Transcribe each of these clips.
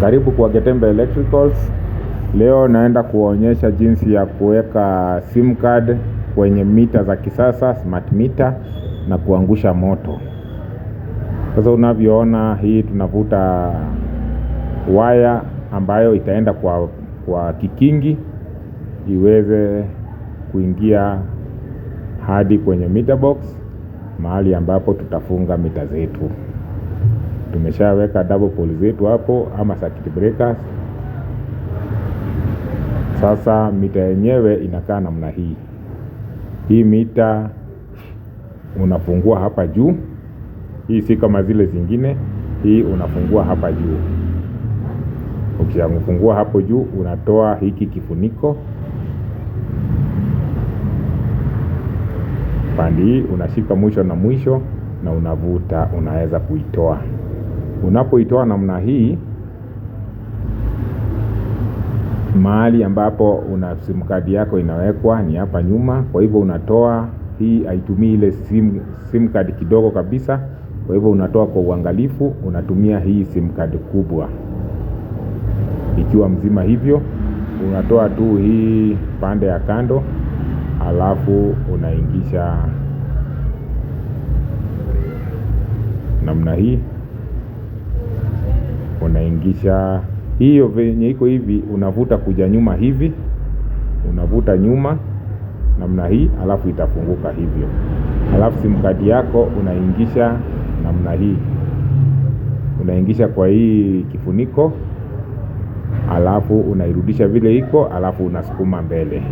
Karibu kwa Getembe Electricals. Leo naenda kuwaonyesha jinsi ya kuweka sim card kwenye mita za kisasa smart meter na kuangusha moto. Sasa unavyoona hii, tunavuta waya ambayo itaenda kwa, kwa kikingi iweze kuingia hadi kwenye meter box mahali ambapo tutafunga mita zetu tumeshaweka double pole zetu hapo ama circuit breakers. Sasa mita yenyewe inakaa namna hii. Hii mita unafungua hapa juu, hii si kama zile zingine. Hii unafungua hapa juu, ukifungua hapo juu unatoa hiki kifuniko pandi hii, unashika mwisho na mwisho na unavuta, unaweza kuitoa. Unapoitoa namna hii mahali ambapo una simu kadi yako inawekwa ni hapa nyuma. Kwa hivyo unatoa hii, haitumii ile simu, simu kadi kidogo kabisa. Kwa hivyo unatoa kwa uangalifu, unatumia hii simu kadi kubwa ikiwa mzima hivyo, unatoa tu hii pande ya kando, alafu unaingisha namna hii unaingisha hiyo venye iko hivi unavuta kuja nyuma hivi unavuta nyuma namna hii alafu itafunguka hivyo alafu simu kadi yako unaingisha namna hii unaingisha kwa hii kifuniko alafu unairudisha vile iko alafu unasukuma mbele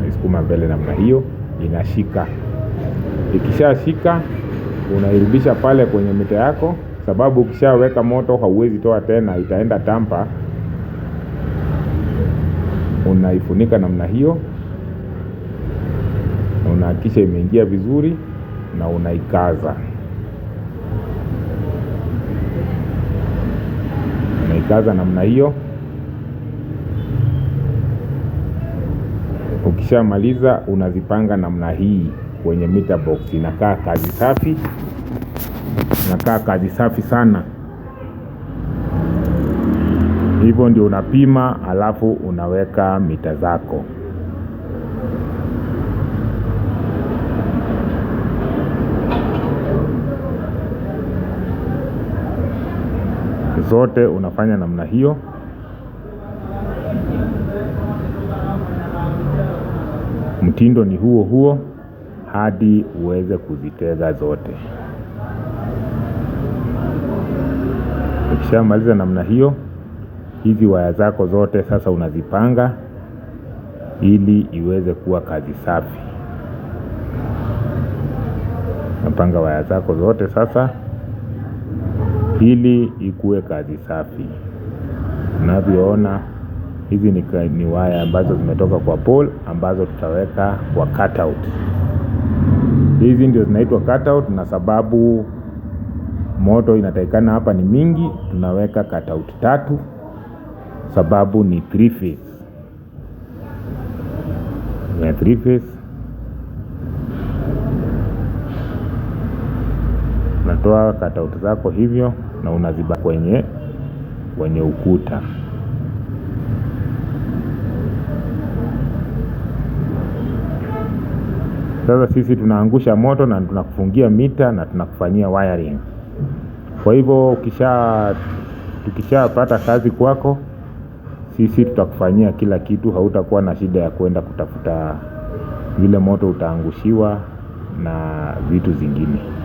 unasukuma mbele namna hiyo inashika ikishashika unairudisha pale kwenye mita yako sababu ukishaweka moto hauwezi toa tena, itaenda tampa. Unaifunika namna hiyo, unahakikisha imeingia vizuri na unaikaza unaikaza namna hiyo. Ukishamaliza unazipanga namna hii kwenye mita box, inakaa kazi safi inakaa kazi safi sana hivyo ndio unapima alafu unaweka mita zako zote unafanya namna hiyo mtindo ni huo huo hadi uweze kuzitega zote Ukishamaliza namna hiyo, hizi waya zako zote sasa unazipanga ili iweze kuwa kazi safi. Unapanga waya zako zote sasa ili ikuwe kazi safi. Unavyoona hizi ni, ni waya ambazo zimetoka kwa pole ambazo tutaweka kwa cutout. Hizi ndio zinaitwa cutout na sababu moto inatakikana hapa ni mingi tunaweka cutout tatu sababu ni three phase ya three phase unatoa cutout zako hivyo na unaziba kwenye kwenye ukuta sasa sisi tunaangusha moto na tunakufungia mita na tunakufanyia wiring kwa hivyo ukisha tukishapata kazi kwako sisi tutakufanyia kila kitu, hautakuwa na shida ya kuenda kutafuta vile moto utaangushiwa na vitu zingine.